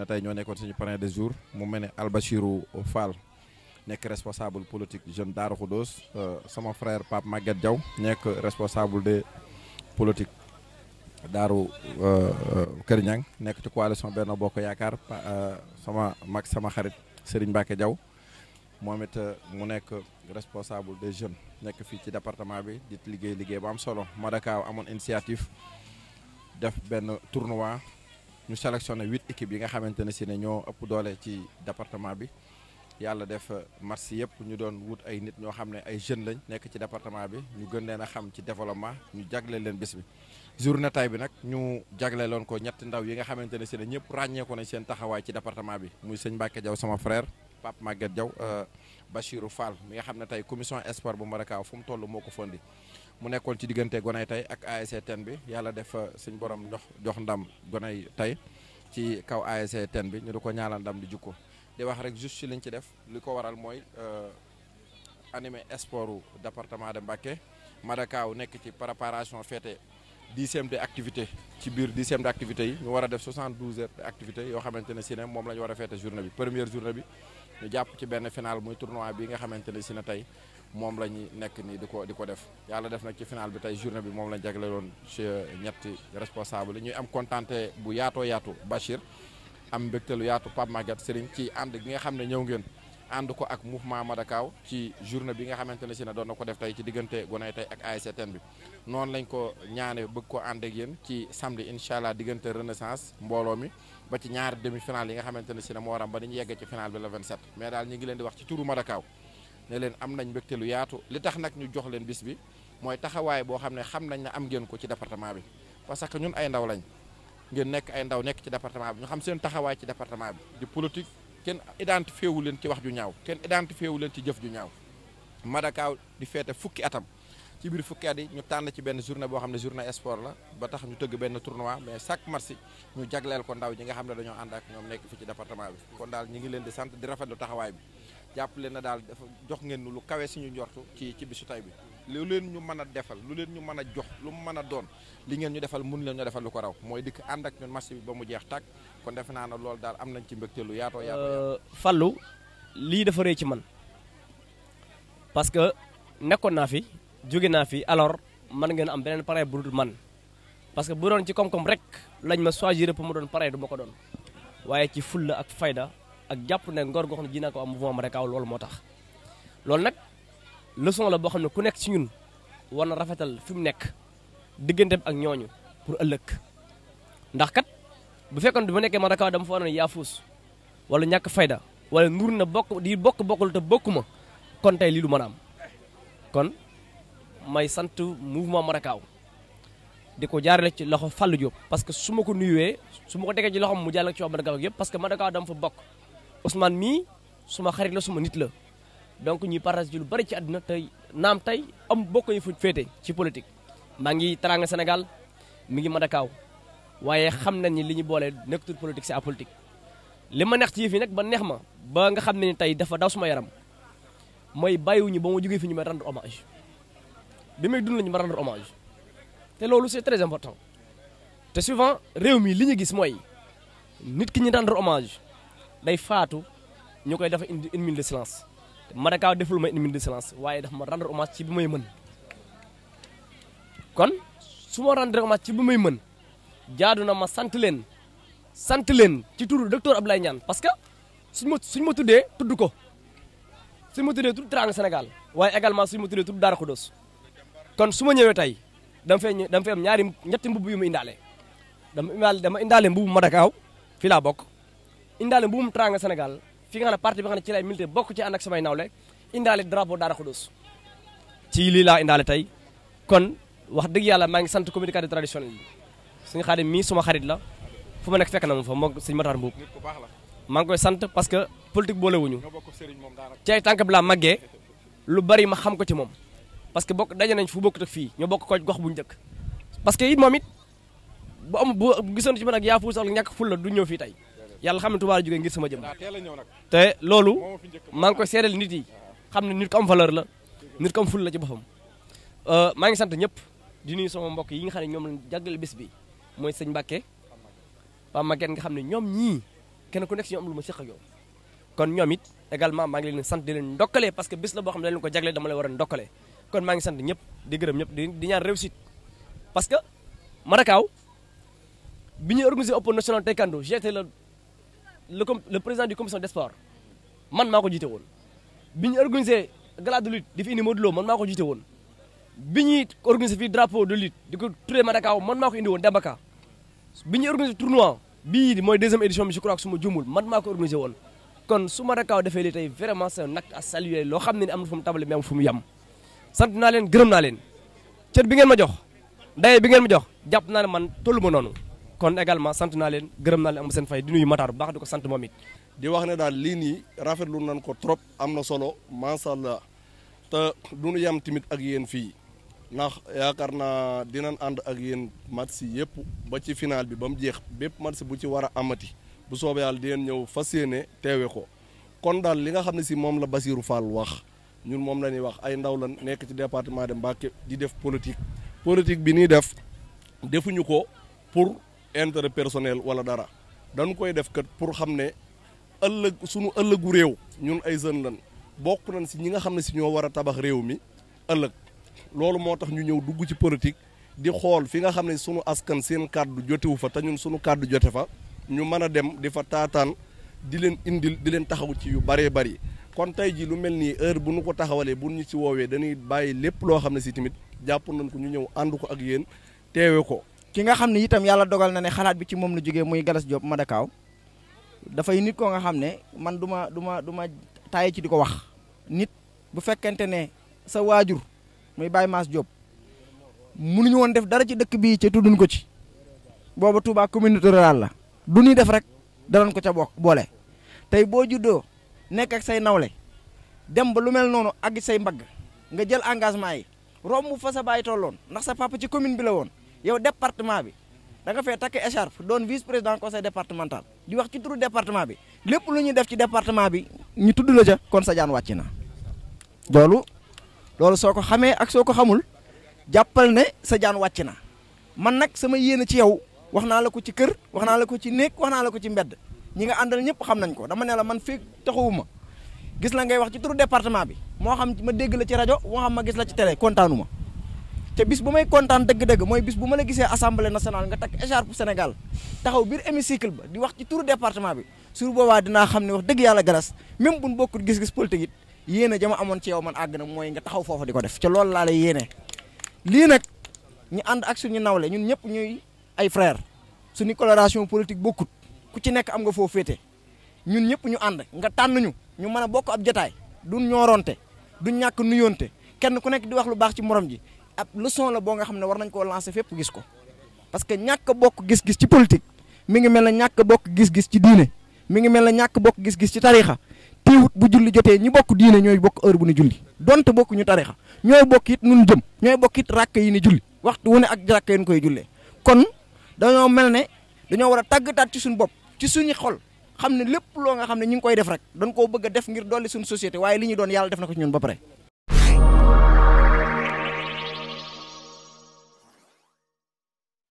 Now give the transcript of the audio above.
ne tey ñoo nekkoon suñu parrain des jours mu mel ne Albachirou Fall nekk responsable politique jeune Darou Khoudoss euh, sama frère Pape Maguette jaw nekk responsable de politique Darou euh, euh, Kër Niang nekk ci coalition benn Bokk Yaakaar sama mag sama xarit Serigne Mbacke Diaw moom it mu nekk responsable des jeunes nekk fii ci département bi di liggéey liggéey bu am solo Madakaw amoon initiative def benn tournoi. ñu sélectionné huit équipes yi nga xamante ne si ne ñoo ëpp doole ci département bi yàlla def euh, match yëpp ñu doon wut ay nit ñoo xam ne ay jeunes lañ nekk ci département bi ñu gën leen a xam ci développement ñu jagleel leen bis bi. journée tay bi nag ñu jagleeloon ko ñetti ndaw yi nga xamante ne si ne ñëpp ràññeeku nañ seen taxawaay ci département bi muy sëñ Mbacke jaw sama frère Pape Maguette Diaw euh, Bachirou Fall mi nga xam ne tey commission sport bu Marakaw fu mu toll moo ko fondi mu nekkoon ci diggante gonay tey ak ASC Teen bi yàlla def uh, suñ borom jox jox ndam gonay tey ci kaw ASC Teen bi ñu di ko ñaala ndam di jukko di wax rek juste liñ ci def li ko waral mooy uh, animé sportu département de Mbacké Madakaw nekk ci préparation fête dixième de activité ci biir dixième de activité yi ñu war a def 72 heures de activité yoo xamante ne si moom la ñu war a fête journée bi première journée bi ñu jàpp ci benn final muy tournoi bi nga xamante ne si tey moom la ñu nekk nii di ko di ko def yàlla def nag ci final bi tey journée bi moom jagle jagleeloon ci euh, ñetti responsable yi ñuy am kontante bu yaatoo yaatu Bachir am mbégteelu yaatu Pape Maguette Serigne ci ànd nga xam ne ñëw ngeen ànd ko ak mouvement Madakaw ci journée bi nga xamante ne si ne doon na ko def tey ci diggante gonay tey ak ASC Teen bi noonu lañ ko ñaane bëgg ko ànd ak ci samedi incha allah diggante renaissance mbooloo mi ba ci ñaari demi final yi nga xamante ngi leen di wax ci turu ne leen am nañ mbégte yaatu li tax nag ñu jox leen bis bi mooy taxawaay boo xam ne xam nañ ne am ngeen ko ci département bi parce que ñun ay ndaw lañ ngeen nekk ay ndaw nekk ci département bi ñu xam seen taxawaay ci département bi di politique kenn identifié wu leen ci wax ju ñaaw kenn identifié wu leen ci jëf ju ñaaw Madakaw di feete fukki atam ci biir fukki at ñu tànn ci benn journée boo xam ne journée sport la ba tax ñu tëgg benn tournoi mais chaque marché ñu jagleel ko ndaw ñi nga xam ne dañoo ànd ak ñoom nekk fi ci département bi kon daal ñu ngi leen di sant di rafetlu bi jàppale na daal dafa jox ngeen lu kawe suñu njortu ci ci bisu tay bi lu leen ñu mën a defal lu leen ñu mën a jox lu mu mën a doon li ngeen ñu defal mun leen ñu defal lu ko raw mooy dikk ànd ak ñun marché bi ba mu jeex tàkk kon defe naa ne loolu daal nañ ci mbégte lu yaatoo yaatoo euh, Fallou lii dafa rëy ci man parce que nekkoon naa fi jóge naa fi alors man ngeen am beneen pare bu man parce que bu doon ci koom-koom rek lañ ma choisir pour mu doon pare du ma ko doon waaye ci fulla ak fayda ak jàpp ne ngor goo xam ne ji naa ko am mouvement Marekaw loolu moo tax loolu nag leçon la boo xam ne ku nekk ci ñun war na rafetal fi mu nekk digganteem ak ñooñu pour ëllëg ndax kat bu fekkoon bu ma nekkee Marekaw dama fa waroon yaafuus wala ñàkk fayda wala nur na bokk di bokk bokkul te bokkuma kon tey lii lu mën a am kon may sant mouvement Marekaw di ko jaarale ci loxo Fallou Diop parce que su ma ko nuyuwee su ma ko tegee ci loxom mu jaarale ci waa Madakaw yëpp parce que dama fa bokk Ousmane mii suma xarit la suma nit la donc ñuy partage ci lu bari ci àdduna te naam tey am bokk fu féete ci politique. maa ngi Teranga Sénégal mi ngi Madakaw waaye xam nañ ni li ñu boole nekkatul si a apolitique li ma neex ci yëf yi nag ba neex ma ba nga xam ne ni tey dafa daw suma yaram mooy bàyyiwuñu ba ma jógee fi ñu may rendre hommage bi may dund lañu ma rendre hommage te loolu c'est très important te souvent réew mii li ñu gis mooy nit ki ñu rendre hommage. day faatu ñu koy dafa indi une minute de silence te Madakaw deful ma une minute waaye dafa ma rendre hommage ci bi may man kon su ma rendre hommage ci bi may mën jaadu na ma sant leen sant leen ci turu docteur Abdoulaye Niane parce que suñ ma suñ ma tuddee tudd ko suñ ma tuddee tudd Teranga waaye également suñ ma tuddee tudd Daara Khoudoss kon su ma ñëwee tey dama fee dama fee am ñaari ñetti mbubb yu ma indaale dama indaale dama indaale mbubu Madakaw fii laa bokk indaale mbuum Teranga Sénégal fi nga xam ne parti bi nga xam ne ci lay milité bokk ci ànd ak nawle indaale drapeau Daara Khoudoss ci lii laa indaale tey kon wax dëgg yàlla maa ngi sant communicateur traditionnel bi suñu xaadim mii suma xarit la fu ma nekk fekk na ma fa moom sëñ Matar Mbuub maa ngi koy sant parce que politique boolewuñu ci ay tànk bi laa màggee lu bari ma xam ko ci moom parce que bokk daje nañ fu bokk ak fii ñoo bokk ko gox buñu dëkk parce que it moom it bu am bu gisoon ci man ak yaa fu sax la du ñëw fii tey yàlla xam ne Touba la jógee ngir sama jëm te loolu maa ngi koy seedal nit yi xam ne nit ko am valeur la nit ko ful la ci boppam euh, maa ngi sant ñëpp di nuyu sama mbokk yi nga xam ne ñoom lañ jàggale bés bi mooy sëñ Mbàkke Pam Maguette nga xam ne ñoom ñii kenn ku nekk si ñoom lu ma séq ak kon ñoom it également maa ngi leen sant di leen ndokkale parce que bés la boo xam ne leen ko jagle dama lay war a ndokkale kon maa ngi sant ñëpp di gërëm ñëpp di ñaan réussite parce que Marakaw bi ñuy organisé open national taekwondo j'étais le le le président du commission des sports man maa ko jiite woon. bi ñu organisé gala de lutte di fi indi Modou Lo man maa ko jiite woon bi ñuy organisé fii drapeau de lutte di ko turé Madakaw man maa ko indi woon Dembaka bi ñuy organisé tournoi bii mooy deuxième édition bi je crois su ma jumul mat maa ko woon. kon su Madakaw defee li tey vraiment c'est un acte à loo xam ne ni am na fu tabale mais am fu mu yem sant naa leen gërëm naa leen cër bi ngeen ma jox. daye bi ngeen ma jox jàpp naa ne man tollu ma noonu kon également sant naa leen gërëm naa leen am seen fay di nuyu Matar bu baax di ko sant moom it. di wax ne daal lii nii rafetlu nañ ko trop am na solo macha allah te du ñu yem tamit ak yéen fii ndax yaakaar naa dinañ ànd ak yéen match yëpp ba ci final bi ba mu jeex bépp match bu ci war a amati bu soobee yàlla dinañ ñëw fas yéene teewe ko kon daal li nga xam ne si moom la Basirou Fall wax. ñun moom la ñuy wax ay ndaw la nekk ci département de Mbacké di def politique politique bi ñuy def ko intérêt personnel wala dara dañ koy def kat pour xam ne ëllëg sunu ëllëgu réew ñun ay jeunes lan bokk nañ si ñi nga xam ne si ñoo war a tabax réew mi ëllëg loolu moo tax ñu ñëw dugg ci politique di xool fi nga xam ne sunu askan seen kàddu jotewu fa te ñun sunu kàddu jote fa ñu mën a dem di fa taataan di leen indil di leen taxaw ci yu bëree bëri kon tey jii lu mel nii heure bu nu ko taxawalee bu ñu ci woowee dañuy bàyyi lépp loo xam ne si tamit jàpp nañ ko ñu ñëw ànd ko ak yéen teewe ko ci nga xam ne itam yàlla dogal na ne xalaat bi ci moom la jógee muy Galas Diop Madakaw dafay nit koo nga xam ne man du ma du ma du taaye ci di ko wax nit bu fekkente ne sa waajur muy Baye Mass Diop mënuñu woon def dara ci dëkk bii ca tudduñ ko ci booba Touba communauté rurale la du ñuy def rek danañ ko ca bokk boole tey boo juddoo nekk ak say nawle dem ba lu mel noonu àgg say mbagg nga jël engagement yi romb fa sa baay tolloon ndax sa papa ci commune bi la woon yow département bi da nga fee takk écharpe doon vice président conseil départemental di wax ci turu département bi lépp lu def ci département bi ñu tudd la ca kon sa jaan wàcc na loolu loolu soo ko xamee ak soo ko xamul jàppal ne sa jaan wàcc na man nag sama yéene ci yow wax naa la ko ci kër wax naa la ko ci néeg wax naa la ko ci mbedd ñi nga àndal ñëpp xam nañ ko dama ne la man fii taxawuma gis la ngay wax ci turu département bi moo xam ma dégg la ci rajo moo xam ma gis la ci télé kontaanuma te bis bu may kontaan dëgg-dëgg mooy bis bu ma la gisee assemblée nationale nga takk écharpe Sénégal taxaw biir hémicycle ba di wax ci turu département bi sur boobaa dinaa xam ne wax dëgg yàlla galas même buñ bokkul gis-gis politique it yéene jama amoon ci yow man àgg na mooy nga taxaw foofa di ko def ca loolu laa lay yéene lii nag ñu ànd ak suñu nawle ñun ñëpp ñuy ay frère suñu coloration politique bokkut ku ci nekk am nga foofu féete ñun ñëpp ñu ànd nga tànn ñu ñu mën a bokk ab jotaay duñ ñooronte duñ ñàkk nuyoonte kenn ku nekk di wax lu baax ci morom ji ab leçon la boo nga xam ne war nañ koo lancer fépp gis ko parce que ñàkk bokk gis-gis ci politique mi ngi mel ne ñàkk bokk gis-gis ci diine mi ngi mel ne ñàkk bokk gis-gis ci tarixa teewut bu julli jotee ñi bokk diine ñooy bokk heure bu ne julli donte bokk ñu tarixa ñooy bokk it nun jëm ñooy bokk it ràkk yi ne julli waxtu wu ne ak ràkk yi ñu koy jullee kon dañoo mel ne dañoo war a tàgg taat ci suñu bopp ci suñu xol xam ne lépp loo nga xam ne ñu ngi koy def rek dañ koo bëgg def ngir dolli suñu société waaye li ñu doon yàlla def na ko ci ñun ba